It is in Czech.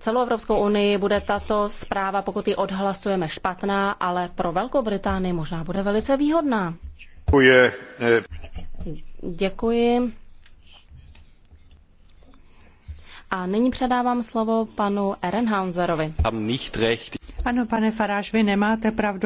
celou Evropskou unii bude tato zpráva, pokud ji odhlasujeme, špatná, ale pro Velkou Británii možná bude velice výhodná. Děkuji. Děkuji. A nyní předávám slovo panu Ehrenhauserovi. Ano, pane Faráš, vy nemáte pravdu.